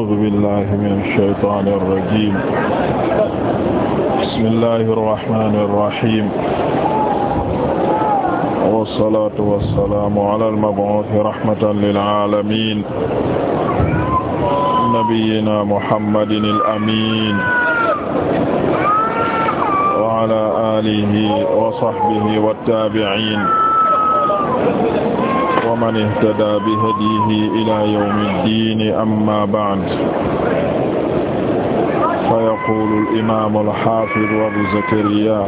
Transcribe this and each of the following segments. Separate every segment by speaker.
Speaker 1: a'uuzu billaahi mina shaytaani rajiim bismillaahi rahmaani rahiim wa salaatu wa salaamu alal mab'uusi rahmatan lil aalamiin nabiyyinaa Muhammadin al-amiin wa alaa aalihi wa sahbihi wa taabi'iin wa man ihtadaa bihadiihi ilaa yawmi ddiini amma ba'd fa yaquulu al-imaam al-haafiz Abu Zakariyaa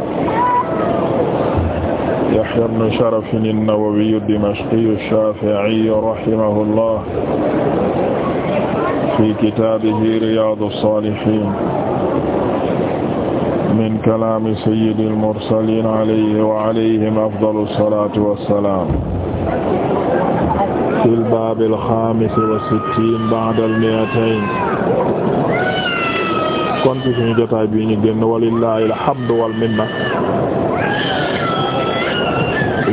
Speaker 1: Yahyaa ibnu Sharaf an-Nawawi ad-Dimashqi ash-Shaafi'i rahimahullah fi kitaabihi Riyaadu as-Saalihiin min kalaami sayyidil mursaliin alayhi wa alayhim afdalu salaatu wa salaam في الباب الخامس والستين بعد المئتين kon ci suñu jotaay bi ñu génn walillahi alhamdu wal minna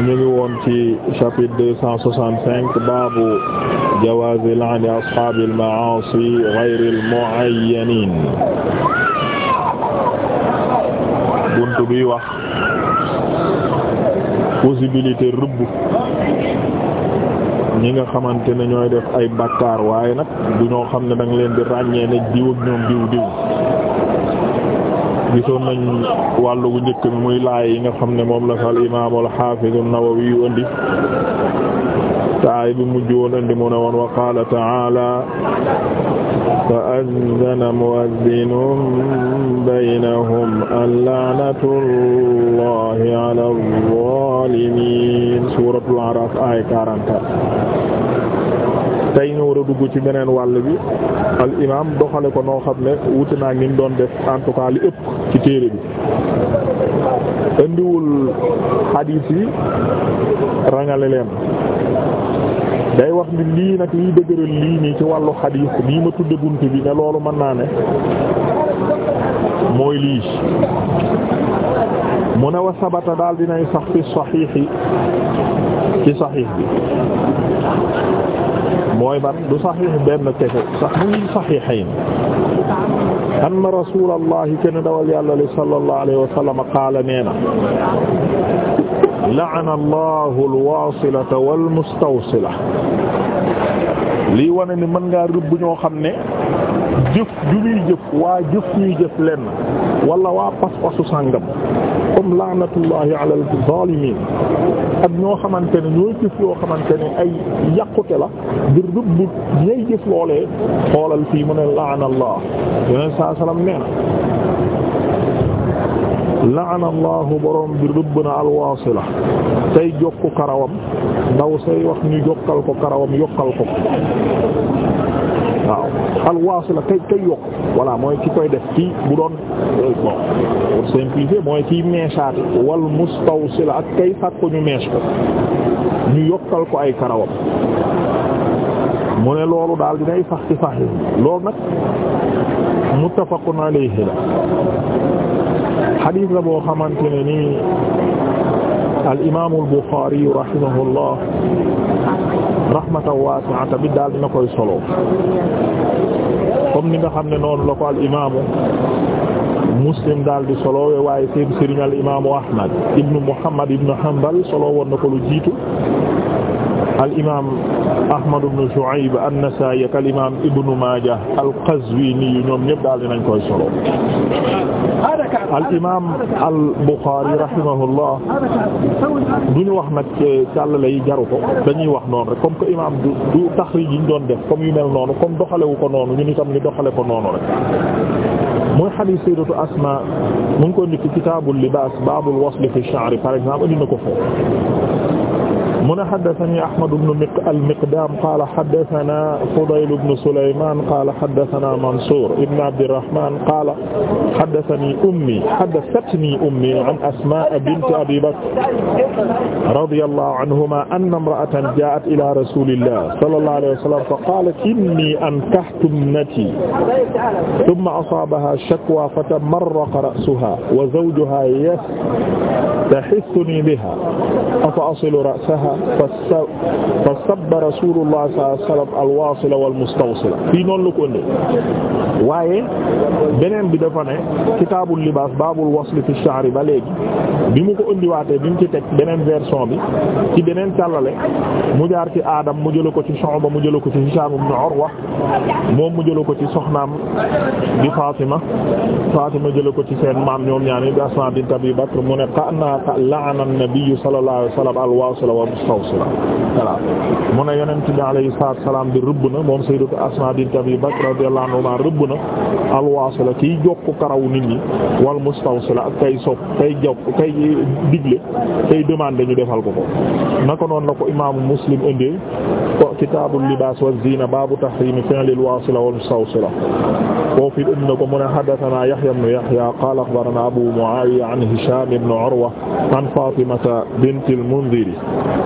Speaker 1: ñu ngi woon ci chapitre deux cent soixante-cinq baabu jawaazi la'ni ashaabil ma'aasi ghayril mu'ayyaniin buntu bi wax possibilité rëbb ñi nga xamante ne ñooy def ay bakkaar waaye nag du ñoo xam ne da leen di ràññee ne diw ak ñoom diw diw gisoon nañ wàll bu njëkk mi muy laay yi nga xam ne moom la sal imaam al-Hafiz an-Nawawi andi taay bi mujj woon andi mu woon wa qaala ta'aala fa azzana mu'azzinun baynahum al-la'natullahi 'ala az-zaalimiin suuratul a'raaf aaya 44 tey ñu war a dugg ci beneen wàll bi al imaam doxale ko noo xam ne wuti naa doon def en tout cas li ci téere bi andiwul xadiis yi rangale leen day wax ni lii nag liy dëgëral lii nii ci wàllu xadiis nii ma tudde bunt bi ne loolu mën naa mooy lii mu ne wa daal dinay sax fi saxiixi ci saxiix bi mooy ban du saxiix benn kese sax mu ngi saxiixayn anna rasuulallahi kenn dawal yàlla li sallallahu alayhi wa qaala nee na la'ana allahu alwasilata walmustawsila lii wane ni mën ngaa rëbb ñoo xam ne jëf ju ñuy jëf waa jëf ñuy jëf lenn wala waa pas-pasu sàngam comme laanatullahi ala alzalimin ak ñoo xamante ne ñooy jëf yoo xamante ne ay yàqute la ngir rëbb ñay jëf loolee xoolal fii mu ne laana allah yeneen saa salaam nee na la'ana allahu borom bi rëbb na alwaasila tey jokku karawam ndaw say wax ñu jokkal ko karawam yokkal ko waaw alwaasila kay kay yokk voilà mooy ki koy def kii bu doon euh, bon mooy kiy meesaate wal mustawsila ak kay sàkko ñu mees ko ñu yokkal ko ay karawam mu ne loolu daal dinay sax ci saxi loolu nag muttafaqun alayhi la xadiis la boo xamante ne nii al imaam al Buxaari rahimahullah rahmatan waasi'atan bi daal dina koy solo comme ni nga xam ne noonu la ko al imaamu Muslim daal di solo waaye seen sëriñ al imaamu Ahmad ibnu Muhammad ibnu Hanbal solo woon na ko lu jiitu. al-imaam Ahmad ibn Shu'ayb an-Nasaa'i ak al-imaam Ibn Maajah al-Qazwiini ñoom ñëpp daal dinañ koy solo. al-imaam al-Bukhaari rahimahullah duñu wax nag càllale yi jaru ko dañuy wax noonu rek comme que imaam du du taxriij yi ñu doon def comme yu mel noonu comme doxalewu ko noonu ñun itam ñu doxale ko noonu rek. mooy hadiis sayyidatu Asmaa mu ngi ko indi ci kitaabul libaas baabul wasli fi ash-sha'r par exemple indi na ko foofu. mu ne xaddatani Ahmad ibn al-Miqdaam qaala xaddatanaa Fudayl ibn Sulaymaan qaala xaddatanaa Mansuur ibn Abdirrahmaan qaala xaddatanii ummi xaddathatnii ummi an Asmaa bint Abii Bakr radiyallaahu anhumaa anna imra'atan jaa'at ilaa rasuulillaah sallallaahu alayhi wa sallam fa qaalat innii ankahtu ibnatii summa asaabahaa shakwaa fatamarraqa ra'suhaa wa zawjuhaa yastahissunii bihaa afa asilu ra'sahaa fa sabba rasulullah sallallahu alayhi wa sallam alwaasila wal mustawsila fii noonu la ko ëndee waaye beneen bi dafa ne kitaabul libaas baabul wasli fi sha'ri ba léegi bi mu ko ëndiwaatee bi mu ci teg beneen version bi ci beneen càllale mu jaar ci Adam mu jëla ko ci Shu'ba mu jëla ko ci Hishaam ibn Urwa moom mu jëla ko ci soxnaam di Faatima Faatima jëla ko ci seen maam ñoom ñaani di Asmaa bint Abi Bakr mu ne qa'na la'ana an-nabiy sallallahu alayhi wa sallam al-waasila mustawsila voilà mu ne yonent bi alayhi salaatu salaam bi rëbb na moom sayyidatu Asmaa bint Abi Bakr radiyallahu anha rëbb na alwaasila kiy jokk karaw nit ñi wal mustawsila ak kay sopp kay jokk kay digle kay demande ñu defal ko ko naka noonu la ko imaamu Muslim indee ko kitaabul libaas wa ziina baabu tahriimi fi'lil waasila wal mustawsila foofu indi na ko mu ne haddathanaa Yahyaa ibnu Yahyaa qaala akhbaranaa Abuu Mu'aawiya an Hishaam ibn Urwa an Faatimata bintil Mundhir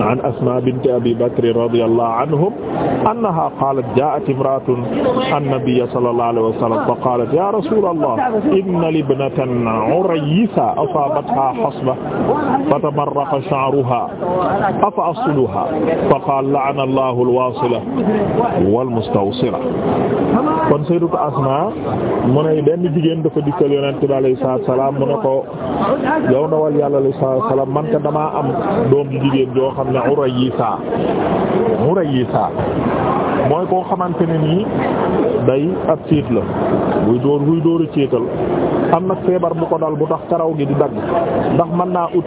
Speaker 1: an asma bint abi bakr radiyallahu anhum annaha qalat ja'at imra'atun an-nabiyya sallallahu alayhi wa sallam fa qalat ya rasulallah inna li ibnatan uraysa asabatha hasba fatamarraqa sha'ruha afa asluha fa qala la'ana allahu al-wasila wal mustawsila kon sayyidatu asma mu ne benn jigéen dafa dikkal yonent bi alayhi salaatu salaam mu ne ko yow ndawal yàlla alayhi salaatu salaam man ka dama am doom ji jigéen joo xam xam ne Urayisa Urayisa mooy koo xamante ne nii day ab ciit la buy dóor buy dóor ciital am nag feebar bu ko dal bu tax karaw gi di dagg ndax man naa ut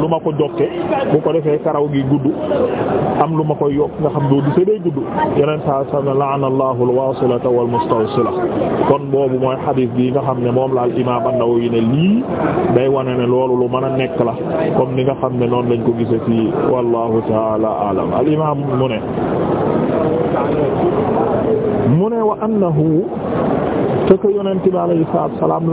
Speaker 1: lu ma ko jokke bu ko defee karaw gi gudd am lu ma koy yokk nga xam doo gisee day gudd yeneen saa sa ne la'ana Allahu al-wasilata wal mustawsila kon boobu mooy xadiis bi nga xam ne moom la al imaam an-Nawawi ne lii day wane ne loolu lu mën a nekk la comme ni nga xam ne noonu lañ ko gisee fii wallahu taala alam al imaam ne mu ne wa annahu te ko yonent bi alayhi salaatu salaam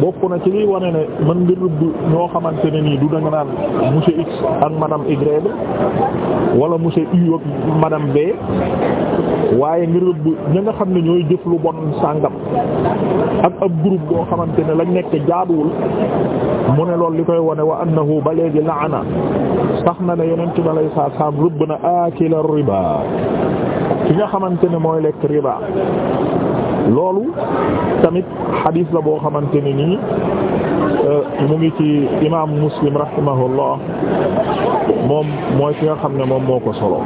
Speaker 1: bokk na ci liy wane ne man nga rëbb ñoo xamante ne nii du danga naan monsieur X ak madame Y wala monsieur U ak madame B waaye nga rëbb ña nga xam ne ñooy jëf lu bon sàngam ak ab groupe boo xamante ne lañ nekk jaaduwul mu ne loolu li koy wane wa annahu ba léegi laana sax na ne yonent bi alayhi salaam rëbb na aakila riba ki nga xamante ne mooy lekk riba loolu tamit xadiis la boo xamante ne nii euh, mu ngi ci imaam muslim rahimahullah moom mooy ki nga xam ne moom moo ko solo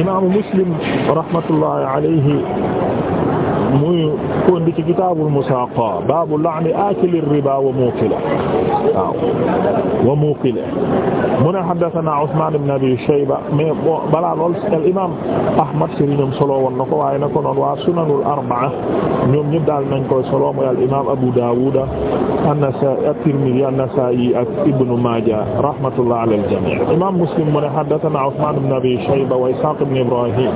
Speaker 1: imaamu muslim rahmatullahi alayhi muy kondi ci kitaabul musaaqa baabu la'ni aakili riba wa muukila waaw wa muukila mu ne haddasanaa Usmaan ibn Abi Shayba mais bon balaa lool al imaam Ahmad sëriñam solo woon na ko waaye na ko noon waa sunanul arba'a ñoom ñëpp daal nañ koy solo mooy al imaam Abu Daawuud an-Nasaa'i at-Tirmidhi an-Nasaa'i ak Ibnu Maaja rahmatullah ala al-jamii' imaam Muslim mu ne haddasanaa Usmaan ibn Abi Shayba wa Ishaaq ibn Ibraahiim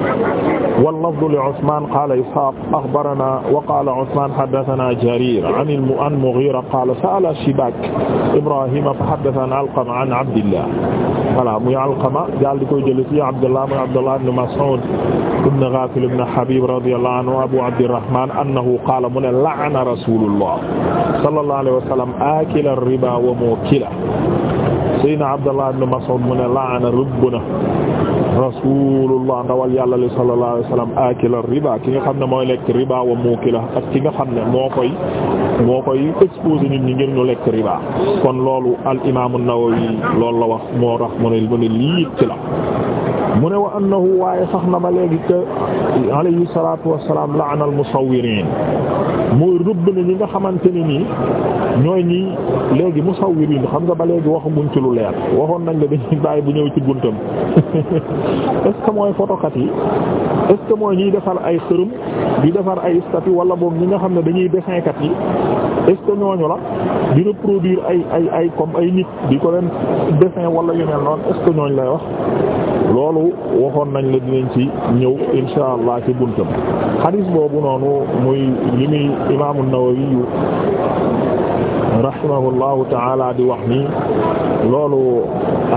Speaker 1: wal lafzu li Usmaan qaala Ishaaq akhbar axbarana wa qaala Usmaan haddasanaa Jariir an al-Mughira qaala sa'ala Shibaak Ibraahiima fa haddasanaa Alqama an Abdillah voilà muy Alqama daal di koy jëlee ci Abdullah muy Abdullah ibn Mas'uud ibn Ghaafil ibn Habiib radiyallaahu anhu Abuu Abdirrahmaan annahu qaala mu ne la'ana Rasuulullaah sallallaahu alayhi wa sallam aakila ribaa wa muukilahu Sayyidinaa Abdullah ibn Mas'uud mu ne la'ana rëbb na rasulullah ndawal yàlla li sallallahu alayhi wasallam akila riba ki nga xam ne mooy lekk riba wa muukila ak ki nga xam ne moo koy moo koy exposé nit ñi ngir ñu lekk riba kon loolu al imaam an-Nawawi loolu la wax moo tax mu ne mu ne lii ci la mu ne wa annahu waaye sax na ba léegi que alayhi salatu wassalam la'ana al-musawwirin mooy rëbb na ñi nga xamante ne nii ñooy ñi léegi musawwirin xam nga ba léegi waxaguñ ci lu leer waxoon nañ la dañuy bàyyi bu ñëw ci guntam est-ce que mooy yi est ñuy defar ay xërëm di defar ay statue wala boog ñi nga xam ne dañuy dessinkat yi est la di reproduire ay ay ay comme ay nit di ko leen dessin wala yu mel noonu est lay wax loolu waxoon nañ la dinañ ci ñëw insha allah ci buntam xadiis boobu noonu muy li muy imaamu Nawawi rahimahullahu taala di wax ni loolu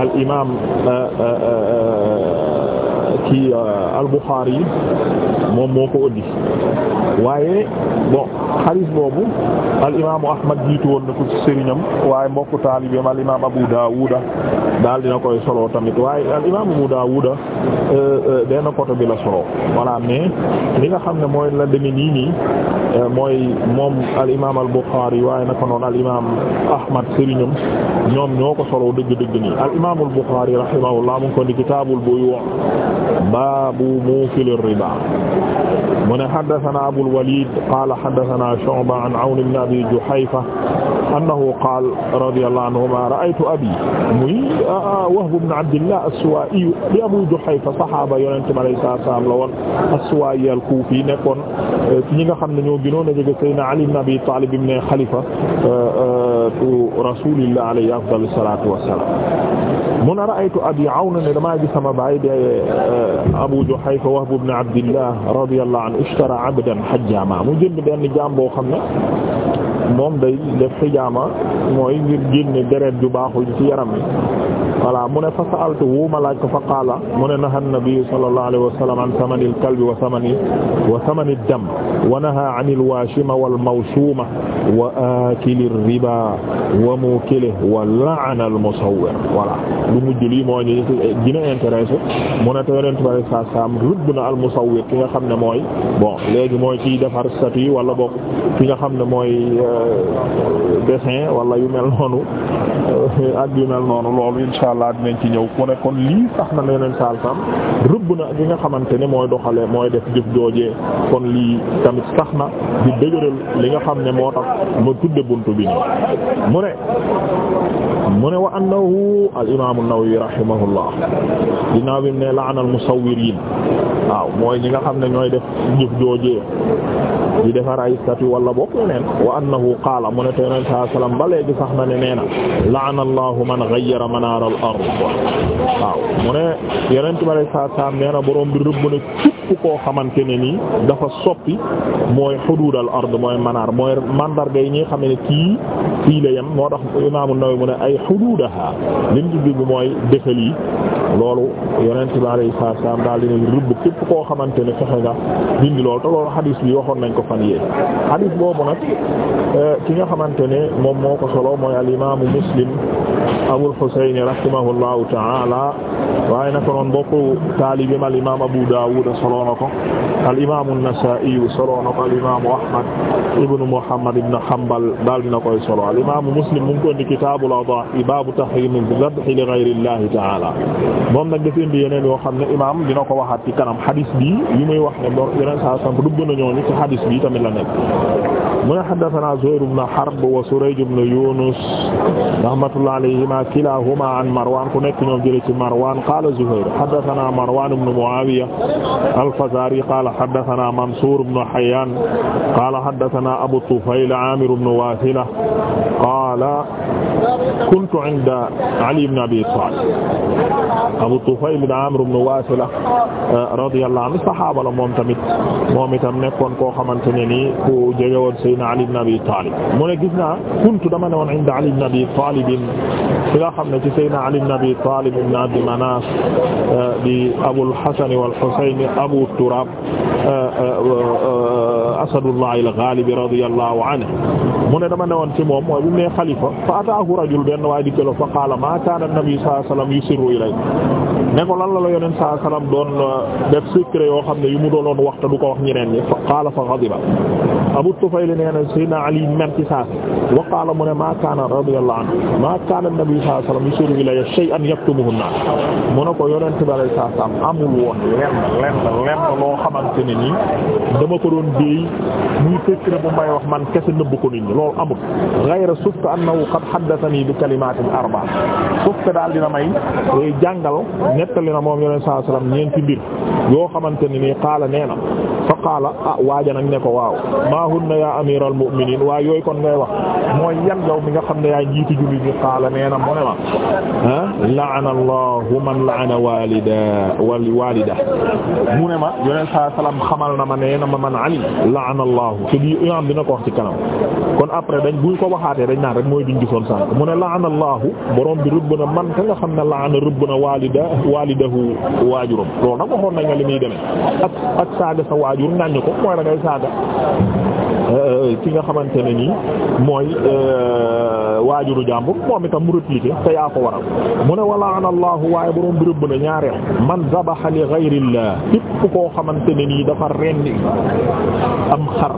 Speaker 1: al imaam euh, euh, euh, ci euh, al-Bukhari yi moom moo ko ëndi waaye bon xadis boobu al-imaamu Ahmad jiitu woon na ko ci sëriñam waaye mbokku taalibeem al-imaam Abu Daawuda daal dina koy solo tamit waaye al-imaam Abu Daawuda euh, euh, benn côté bi la solo voilà mais li nga xam ne mooy la demee nii nii mooy moom al-imaam al-Bukhari waaye naka noonu al-imaam Ahmad sëriñam ñoom ñoo ko solo dëgg-dëgg nii al-imaam al-Bukhari rahimahullah mu ngi ko ni kitaabul buyu' baabu muukili riba mu ne haddasanaa Abul Waliid qaala haddasanaa Shu'ba an Awn ibn Abi Juhayfa annahu qaala radiyallaahu anhumaa ra'aytu abii muy Wahb ibn Abdillah as-Suwaa'i di Abu Juhayfa saxaaba Yonent bi alayhi salaam la woon as-Suwaa'i al-Kuufi nekkoon ñi nga xam ne ñoo gënoon a jege Sayyidinaa Ali ibn Abi Taalib ibn Xalifa rasulillah alayhi afdalu salatu wassalam mu ne ra'aytu abi awn ne damaa gis sama baay de eh, abu juhayfa wahb ibn abdillah radiyallahu anhu ishtara abdan hajjama mu jënd benn jaam boo xam ne moom day def xijaama mooy ngir génne deret ju baaxul ci yaram bi voilà mu ne fa saaltu wu ma laaj ko fa qaala mu ne naha nabi sallallahu alayhi wa sallam an samanil kalbi wa samani wa samani dam wa naha anil washima wal mawshuma wa akili riba wa mukilih wa la'ana al musawwir voilà lu mujj lii moo ñu dina intéressé mu ne te yonent bare sa sam rëbb na al musawwir ki nga xam ne mooy bon léegi mooy ciy defar statut wala bokk ki nga xam ne mooy euh, Euh, dessin wala yu mel noonu euh, ak yu mel noonu loolu insha allah dinañ ci ñëw mu ne kon lii sax na leneen saal sam rëbb na ak yi nga xamante ne mooy doxale mooy def jëf joojee kon lii tamit sax na di dëgëral li nga xam ne moo tax ma tudde bunt bi nii mu ne mu ne wa annahu al imam an-Nawawi rahimahullah ginnaaw bi ne la'ana al-musawwirin waaw mooy ñi nga xam ne ñooy def jëf joojee di defar ay statue wala bokk neen wa annahu qaala mu ne te yoneen saa sallam ba léegi sax na ne na la'ana allahu man ghayyara manaar al-ard waaw mu ne képp koo xamante ne nii dafa soppi mooy xuduudal ard mooy manaar mooy mandarga yi ñuy xam ne kii fii la yem moo tax imaamu Nawawi mu ne ay xuduudaha lim jubbi bu mooy defal yi loolu yonent bi alayhi salaam daal dina rëbb képp koo xamante ne fexe nga dindi loolu te loolu xadiis bi waxoon nañ ko fan yee xadiis boobu nag eh, ki nga xamante ne moom moo ko solo mooy al imaamu Muslim Abul Husayn rahimahullahu ta'ala waaye naka noonu bokk taalibeem al imaam Abu solo na ko al imaamu Nasaa'i solo na ko al imaamu Ahmad ibn Muhammad ibn Hanbal daal dina koy solo al imaamu Muslim mu ngi ko indi kitaabul adaahi baabu tahriim ad-dabh li ghayri llahi ta'aala moom nag dafa indi yeneen yoo xam ne imaam dina ko waxaat ci kanam hadis bi yi muy wax ne bor yeneen saa sant dugg na ñooñu ci hadis bi tamit la nekk. mu ne haddathana Zuhayr ibn Harb wa Surayj ibn Yunus rahmatullah alayhima kilahuma an Marwan ku nekk ñoom jële ci Marwan qala Zuhayr haddathana Marwan ibn Muawiya al-Fazari qala haddathana Mansur ibn Hayyan qala haddathana Abu Tufayl Amir ibn Wasila qala kuntu inda Ali ibn Abi Talib Abu Tufayl Amir ibn Wasila radiyallahu anhu sahaaba la moom tamit moom itam nekkoon koo xamante ne nii ku jege woon Seydina Ali ibn Abi Talib mu ne gis naa kuntu dama ne woon inda Ali ibn Abi Talib fi nga xam ne ci Seydina Ali ibn Abi Talib ibn Abd Manas eh, di Abul Hasan wal Husayn Abu Turab eh, eh, Asadullah al-Ghalib radiyallahu anhu mu ne dama ne woon ci moom mooy bu ne xalifa fa ataahu rajul benn waaye di kelo fa qaala ma kaana an-nabi sallallahu alayhi wasallam yusirru ilay ne ko lan la la yoneen sallallahu alayhi wasallam doon def secret yoo xam ne yu mu doon wax te du ko wax ñeneen ñi fa qaala fa ghadiba Abu Tufayl nee na Seydina Ali mer ci saa si wa qaala mu ne maa kaana radiyallahu anhu maa kaana nabi sallallahu alayhi wasallam yusirru ilayya shay'an yaktumuhu an-naas mu ne ko yonent bi alayhi salaam amul woon lenn lenn lenn loo xamante ne nii dama ko doon déey muy fekk na bu may wax man kese nëbb ko nit ñi loolu amul ghayra sufta annahu qad haddathani bi kalimaatin arba'a sufta daal dina may jàngal nettali na moom yonent sallallahu alayhi wasallam ñeenti mbir yoo xamante ne nii qaala nee na qaala ah waaja nag ne ko waaw maa hunna yaa amiral mu'miniin waaw yooyu kon ngay wax mooy yan yow mi nga xam ne yaa njiiti jullit ñi qaala nee na mu ne ma ah la'ana allahu man la'ana walida wal walida mu ne ma yoneen saa salaam xamal na ma nee na ma man alim la'ana allahu te bi imaam dina ko wax ci kanam kon après dañ buñ ko waxaatee dañ naan rek mooy duñ gisoon sànk mu ne la'ana allahu borom bi man ka xam na walida walidahu waajuram loolu nag waxoon nañ nga li muy demee ak ak saaga sa waajur ŋàññi ko mooy da ngay saaga Euh, ki nga xamante ne nii mooy euh, waajuru jàmbur moom itam mu répliqué te yaa ko waral mu ne wala an allahu waaye borom bi rëbb na ñaareel man zabaha li ghayrillah képp koo xamante ne nii dafa rendi am xar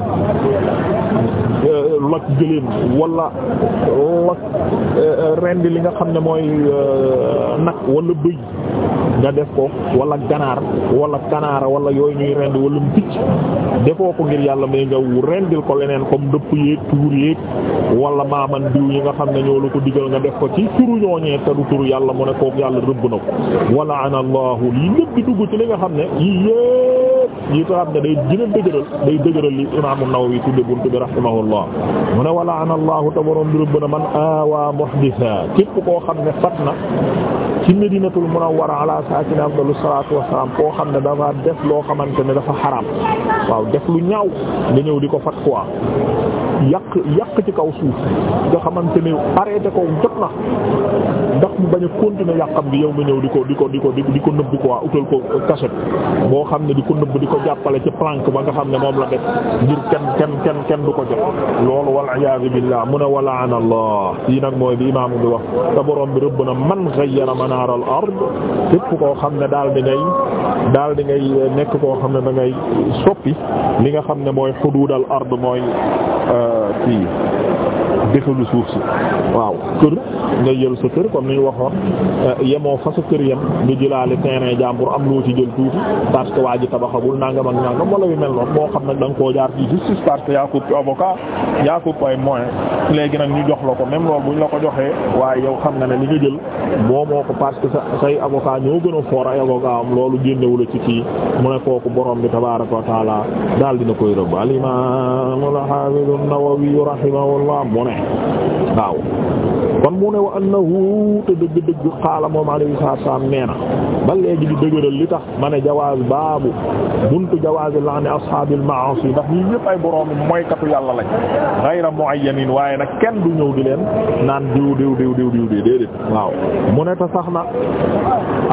Speaker 1: euh, loj gëléem wala loj rendi li nga xam ne mooy nag wala bëy nga def ko wala ganaar wala kanaara wala yooyu ñuy rendi wala mu picc defoo ko ngir yàlla may nga rendil ko leneen comme dëpp yéeg tuur yéeg wala maaman diw yi nga xam ne ñoo la ko digal nga def ko ci turu ñooñee te du turu yàlla mu ne kooku yàlla rëbb na ko wala ana allahu lii lépp di dugg ci li nga xam ne yii yépp yi nga xam ne day gën a dëgëral day dëgëral li imaamu Nawawi tudde buntu bi rahimahullah mu ne wala ana allahu te borom bi rëbb na man awa muhdisa képp koo xam ne fat na ci Madinatul Munawwara ala saakina afdalu salaatu wassalaam koo xam ne dafa def loo yàq yàq ci kaw suuf nga xamante ne arrêté ko jot na ndax mu bañ a continuer yàqam bi yow nga ñëw di ko di ko di ko di ko nëbb quoi utal ko cachette boo xam ne di ko nëbb di ko jàppale ci planque ba nga xam ne moom la def ngir kenn kenn kenn kenn du ko jot loolu wal iyaazu billah mu ne walaana allah nag mooy bi imaam bi wax te borom bi rëbb na man ghayyara manaar al ard képp koo xam ne daal di ngay daal di ngay nekk koo xam ne da soppi li nga xam ne mooy mooy euh, kii dexalu suuf si waaw kër nga jël sa kër comme ni ñu waxoon euh, yemoo fa sa kër yem nga jëlaale terrain jàmbur am loo ci jël tuuti parce que waa ji tabaxagul nangam ak nangam wala yu mel noonu moo xam nag da nga koo jaar ci justice parce que yaa ko avocat ay moyen léegi nag ñu jox la ko même loolu buñ la ko joxee waaye yow xam nga ne li nga jël moo moo ko parce que sa say avocat ñoo gën a foor a avocat am loolu génnewula ci kii mu ne kooku borom bi tabaaraka waaw kon mu ne wa annahu te dëgg-dëgg xaala moom alayhi salaam nee na ba léegi di dëgëral li tax ma ne jawaaz baabu buntu jawaaz laani ashaabil maasi ndax ñi ñëpp ay borom moykatu yàlla lañ ghayra muayyanin waaye nag kenn du ñëw di leen naan diw diw diw diw diw déedéet waaw mu ne ta na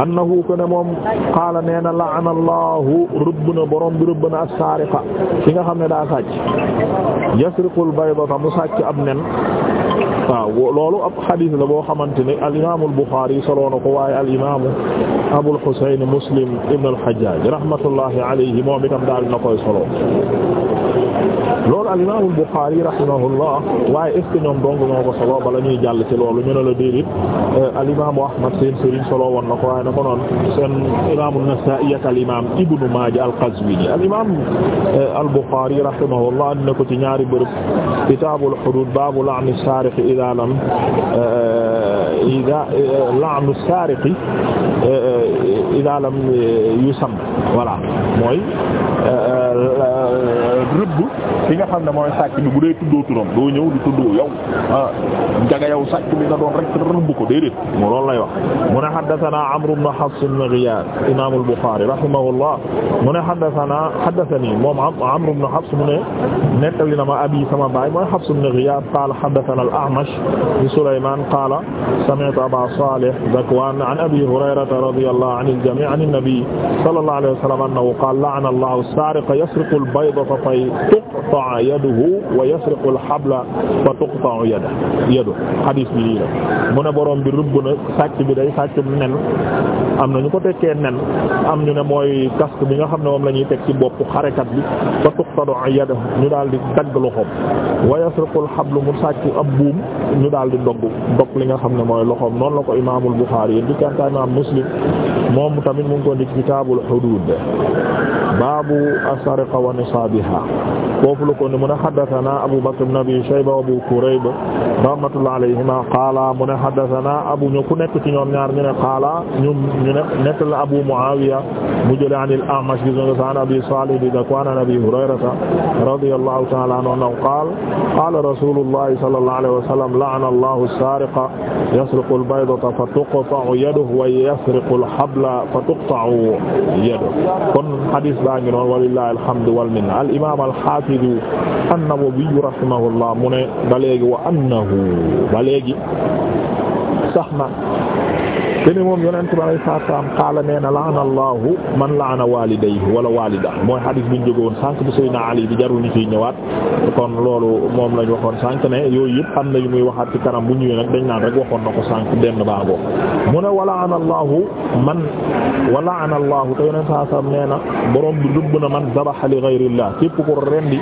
Speaker 1: annahu ko ne moom xaala nee na la'ana Allahu rëbb na borom bi rëbb na as-saariqa ki nga xam ne daa sàcc yasriqul baydata mu sàcc ab nen waaw loolu ab xadiis la boo xamante ne al imaamu al Buxaari solo na ko waaye al imaamu Abul Husayn Muslim ibn al Hajjaaj rahmatullahi alayhi moom itam daal na koy solo loolu al imaamul Buxaari rahimahullah waaye est ce que ñoom dong ñoo ko solo bala ñuy jàll ci loolu ñu ne la déedéet euh, al imaamu Ahmad seen sëriñ solo woon na ko waaye na ko noon seen imaamu Nasaa'i ak al imaam Ibnu Maaja al Qazwiini al imaam euh, al Buxaari rahimahullah na ko ci ñaari bërëb kitaabul huduud baabu la'ni saariq idaa lam euh, idaa la'nu saariq idaa lam yusam voilà mooy rëbb ki nga xam ne mooy sàcc bi bu dee tuddoo turam doo ñëw di tuddoo yow ah njaga yow sàcc bi nga doon rek rëbb ko déedéet mu loolu lay wax mu ne xaddathana amru ibn hafs ibn ghiyath imam al-bukhari rahimahullah mu ne xaddathana xaddathani moom amru ibn hafs mu ne nettali na ma abi sama baay mooy hafs ibn ghiyath qaala xaddathana al-a'mash bi sulayman qaala sami'tu aba salih zakwan an abi hurayrata radiyallahu anil jami' an an-nabi sallallahu alayhi wa sallam annahu qaala la'ana allahu as-sariqa yasriqu al-bayda ay tuqta'a yaduhu wa yasriqu al-habla fa tuqta'u yaduhu yaduhu xadiis bi lii la mu ne borom bi rëbb na sàcc bi day sàcc nen am na ñu ko tekkee nen am ñu ne mooy casque bi nga xam ne moom lañuy teg ci bopp xarekat bi fa tuqta'u yaduhu ñu daal di dagg loxoom wa yasriqu al-hablu mu sàcc ab buum ñu daal di dogg dog li nga xam ne mooy loxoom noonu la ko imaamul Buxaari yi imaam Muslim moom tamit mu ngi ko ndik kitaabul huduud baabu asariqa wa nisaabiha foofu la ko ni mu ne haddathana Abu Bakr ibn Abi Shayba wa Abu Kurayb rahmatullahi alayhima qaala mu ne haddathana Abu ñu ku nekk ci ñoom ñaar ñu ne qaala ñu ñu ne nekk la Abu Muawiya mu jële an al-A'mash gis nga saan Abi Salih bi Dhakwaan an Abi Hurayrata radiyallahu ta'ala anhu annahu qaala qaala rasulullahi sallallahu alayhi wa sallam la'ana Allahu as-sariqa yasriqu al-baydata fa tuqta'u yaduhu wa yasriqu al-habla fa tuqta'u yaduhu kon hadis baa ngi noonu walillahi alhamdu wal minna imaam al-Haafiz an-Nawawi rahimahullah mu ne ba léegi wa annahu ba léegi sax na kene moom yonent bi alayhi salaatu salaam qaala nee na la'ana Allahu man la'ana waalidayhi wala waalidahu mooy xadis bi ñu jóge woon sànq bu Seydina Ali bi jarul ñu ciy ñëwaat kon loolu moom lañ waxoon sànq ne yooyu yëpp am na yu muy waxaat ci kanam bu ñëwee nag dañ naan rek waxoon na ko sànq benn baagoo mu ne wa la'ana Allahu man wa la'ana Allahu te yonent salaam nee na borom bi rëbb na man dabaxa li ghayrillah képp ko rendi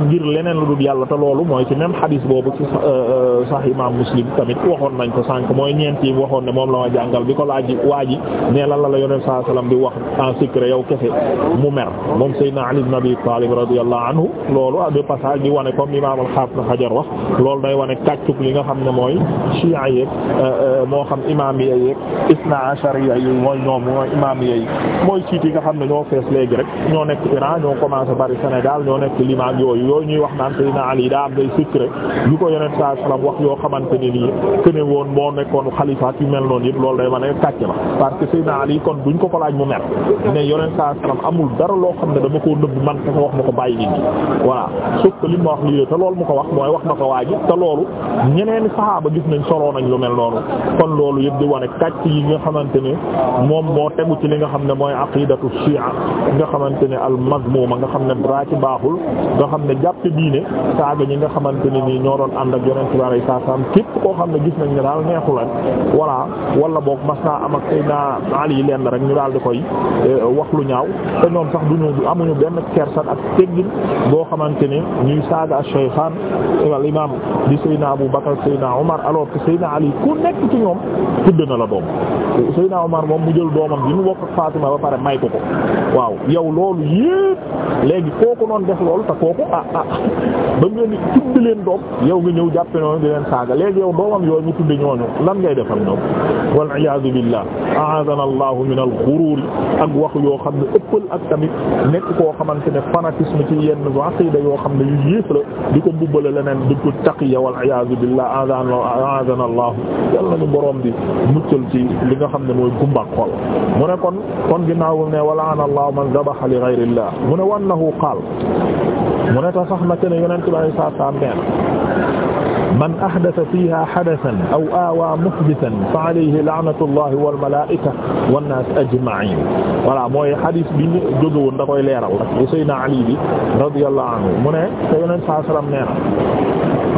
Speaker 1: ngir leneen lu dul yàlla te loolu mooy ci même xadis boobu ci sax euh, euh, imaam muslim tamit waxoon nañ ko sànq mooy ñeent waxoon ne moom la ma jàngal bi ko laaj waa ji ne lan la la yonent sallallahu alayhi wasallam bi wax en secret yow kese mu mer moom Seydina Ali ibn Abi Talib radiyallahu anhu loolu de passage di wane comme imaam al-Hafiz Ibn Hajar wax loolu day wane kàccug li nga xam ne mooy chiites euh, yi nga xam ne ñoo fees léegi rek ñoo nekk Iran ñoo commencé bari Sénégal ñoo nekk yooyu ñuy wax naan Seydina Ali daa am day secret yu ko yonent saa salaam wax yoo xamante nii que woon moo nekkoon xalifa yu mel noonu yëpp loolu day wane kàcc la parce que Seydina Ali kon duñ ko ko laaj mu mer ne yonent saa salaam amul dara loo xam ne dama koo nëbb man dafa wax ma ko bàyyi nit ñi voilà sauf que li ma wax lii te loolu mu ko wax mooy wax na ko waa te loolu ñeneen saxaaba gis nañ soloo nañ lu mel noonu kon loolu yëpp di wane kàcc yi ne moom moo tegu li nga xam ne mooy aqidatu shi'a nga xamante ne al mazmuma nga xam ne dara ci baaxul nga xam ne ne jàppe diine saaga ñi nga xamante ne nii ñoo doon ànd ak yonent bi alayhi salaam képp koo xam ne gis nañ ne daal neexu leen voilà wala boog mas naa am ak Seydina Ali leen rek ñu daal di koy eh, wax lu ñaaw te ñoom sax duñu amuñu benn kersan ak teggin boo xamante ne ñuy saaga ash-shaykhan wal imam di Seydina Abu Bakr Seydina Omar alors que Seydina Ali ku nekk ci ñoom tudd na la doom Seydina Omar moom mu jël doomam bi mu bokk ak Fatima ba pare may ko ko waaw yow loolu yépp léegi kooku noon def loolu ah ah ba mu leen leen doom yow nga ñëw jàppe noonu di leen saaga léegi yow doomam yooyu mu tudd ñooñu lan ngay defal ñoom wal iyaadu billah a'aadana allahu min al ghuruur ak wax yoo xam ne ëppal ak tamit nekk koo xamante ne fanatisme ci yenn aqiida yoo xam ne yu yées la di ko mbubbale leneen di ko taqiya wal iyaadu billah a'aadana allahu yal nañu boroom di muccal ci li nga xam ne mooy gumba xol mu ne kon kon ginnaaw ne wala'ana allahu man dhabaha li ghayri allah mu ne mu ne ta sax na ke ne yonente bi alei saatu salaam neen man ahdatha fiha hadathan aw aawaa muhdithan fa alayhi laanatullahi wal malaa'ika wan naas ajma'iin voilà mooy hadis bi ñu jóge woon da koy leeral ak bu Seydina Ali bi radiyallahu anhu mu ne te yonente saai sallam nee na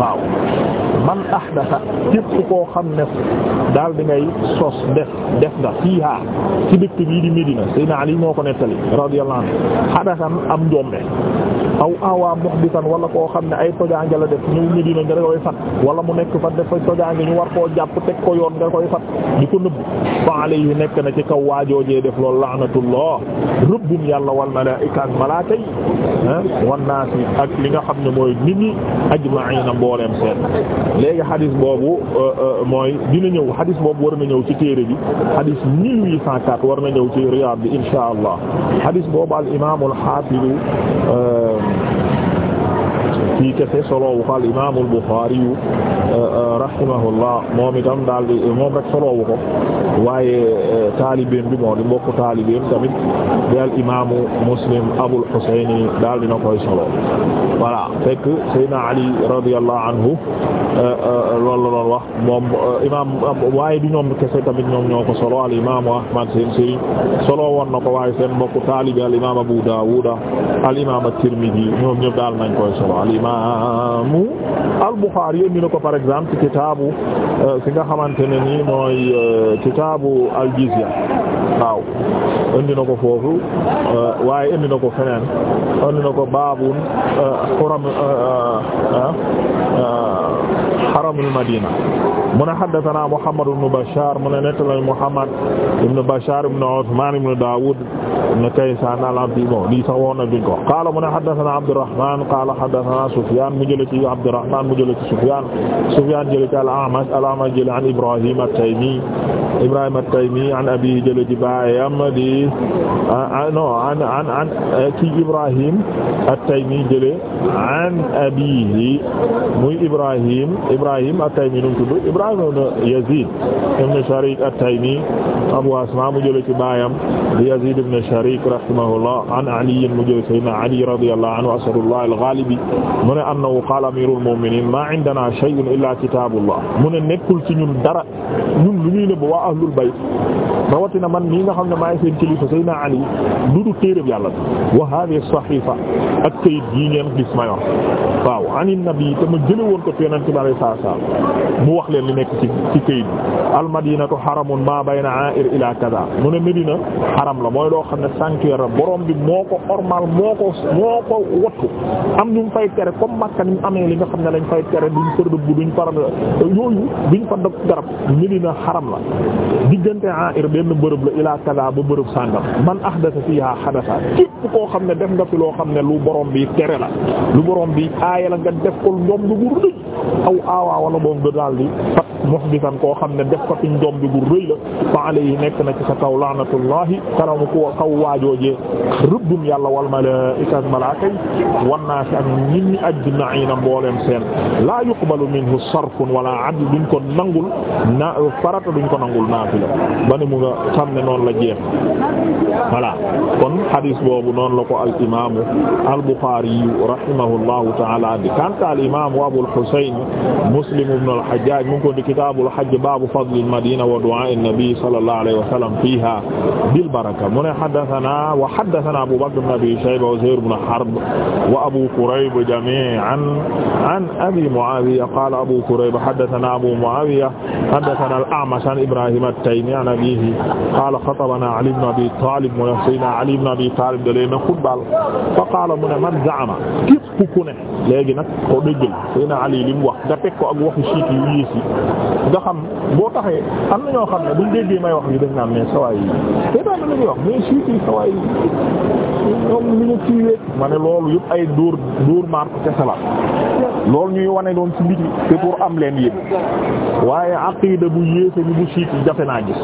Speaker 1: waaw man ahdatha képp koo xam ne daal di ngay sos def def nga fiiha ci dëkk bii di Médina Seydina Ali moo ko nettali radiyallahu anhu hadathan am njombe aw awa muhdisan wala koo xam ne ay tojaange la def ñëw Medina nga koy fat wala mu nekk fa def fa tojaange ñu war koo jàpp teg ko yoon nga koy fat di ko nëbb fa alayhi nekk na ci kaw waajoojee def loolu laanatullah rëbbum yàlla wal malaa'ika ak malaaka yi ah, wan naas yi ak li nga xam ne mooy nit ñi ajma'ina mbooleem seen léegi xadis boobu euh, euh, mooy dina ñëw xadis boobu war na ñëw ci téere bi xadis 1804 war na ñëw ci Riyaad bi inshaa Allah xadis boobu al imaam al xaafidu euh, fii kese solo wu ko al imaamul Buxaari rahimahullah moom itam daal di moom rek soloowu ko waaye eh, taalibeem bi moo di mbokk taalibeem tamit di al imaamu muslim abul husayni daal dina koy solo voilà fekk Seydina Ali radiyallahu anhu eh, eh, loolu la wax moom imaam waaye du ñoom kese tamit ñoom ñoo ko solo al imaamu ahmad seen solo woon na ko waaye seen mbokk taalibe al imaam abu daawuda al imaam at-tirmidhi ñoom ñëpp daal nañ koy solo al imaamu al buxaari yéen ko par exemple taabu fi euh, nga xamante ne nii mooy euh, kitaabu al-jizya waaw indi na ko foofu euh, waaye indi na ko feneen indi na ko baabun xuram ah, haramul madina mu ne haddathana Muhammad ibn Bashar mu ne nettali Muhammad ibn Bashar ibn Uthman ibn Dawud ibn Kaysan al-Abdi bon lii sax woon na duñ ko qaala mu ne haddathana Abdurrahman qaala haddathana Sufyan mu jëlee ci Abdurrahman mu jëlee ci Sufyan Sufyan jëlee ci al-A'mash al-A'mash jëlee an Ibrahim at-Taymi Ibrahim at-Taymi an abihi jëlee ci baayam di non an an an ci Ibrahim at-Taymi jëlee an abihi muy Ibrahim Ibrahim at-Taymi nu mu tudd Ibrahim ibn Yazid ibn Sharik at-Taymi Abu Asma mu jëlee ci baayam di Yazid ibn Sharik rahimahullah an Ali mu jëlee sayyidina Ali radiyallahu anhu asadullah al-ghalib mu ne annahu qala amirul mu'minin ma indana shay'un illa kitabullah mu ne nekkul ci ñun dara ñun lu ñuy nëbb waa ahlul bayt rawatina man mii nga xam ne maay seen kilifa sayyidina Ali lu du téereb yàlla wa hadhihi sahifa ak kayit yi ngeen gis ma yor waaw an nabi te ma jëlee woon ko yi saa mu wax leen li nekk ci ci këyit al madinatu haramun ma bayna a'ir ila kaza mu ne Medina haram la mooy loo xam ne sanctuaire boroom bi moo ko ormal moo ko moo ko wattu am ñu fay tere comme Makka ni amee li nga xam ne lañ fay tere duñ fërdëb bu duñ faram yooyu duñ fa dëkk garab Medina haram la diggante a'ir benn bërëb la ila kaza ba bërëb sàngam man ahdatha fiha hadatha képp koo xam ne def nga fi loo xam ne lu borom bi tere la lu borom bi aaya la nga def aawaa wala boog nga daal di fat muhdisan koo xam ne def ko fi njom bi bu rëy la fa alayhi nekk na ci sa kaw laanatullahi karamu ko kaw waajoojee rëbbum yàlla wal malaa'ika ak malaaka yi wan naa si ak nit ñi ajma'iina mbooleem seen laa yuqbalu minhu sarfun wala adl duñ ko nangul na farata duñ ko nangul naafila ba ni mu nga xam ne noonu la jeex voilà kon hadis boobu noonu la ko al imaamu al Buxaari rahimahullahu ta'ala di kanta al imaamu Abul Husayn Muslim ibn al-Hajjaj mu ngi ko di kitaabul hajj baabu fadli al-Madina wa du'aa'i an-nabi sallallahu alayhi wa sallam fiihaa bil baraka mu ne haddathanaa wa haddathanaa Abu Bakr ibn Abi Shayba wa Zuhayr ibn Harb wa Abu Kurayb jamii'an an Abi Mu'aawiya qaala Abu Kurayb haddathanaa Abu Mu'aawiya haddathanaa al-A'mash an Ibraahiim at-Taymi an abiihi qaala khatabanaa Ali ibn Abi Taalib mu ne Seydina Ali ibn Abi Taalib da leen a xutbal fa qaala mu ne man za'ama képp ku ne léegi nag ko dëggal Seydina Ali li mu wax teg ko ak waxu siit yu yées yi nga xam boo taxee am na ñoo xam ne buñ déggee may wax yi dañ naan mais sawaay yi wax mais siit yi sawaay yi ñoom li ñu ciwee ma ne loolu yëpp ay dóor dóor maar ko kese la loolu ñuy wane doon ci biti te pour am leen yéen waaye aqiida bu yéese bi bu siit yi jafe naa gis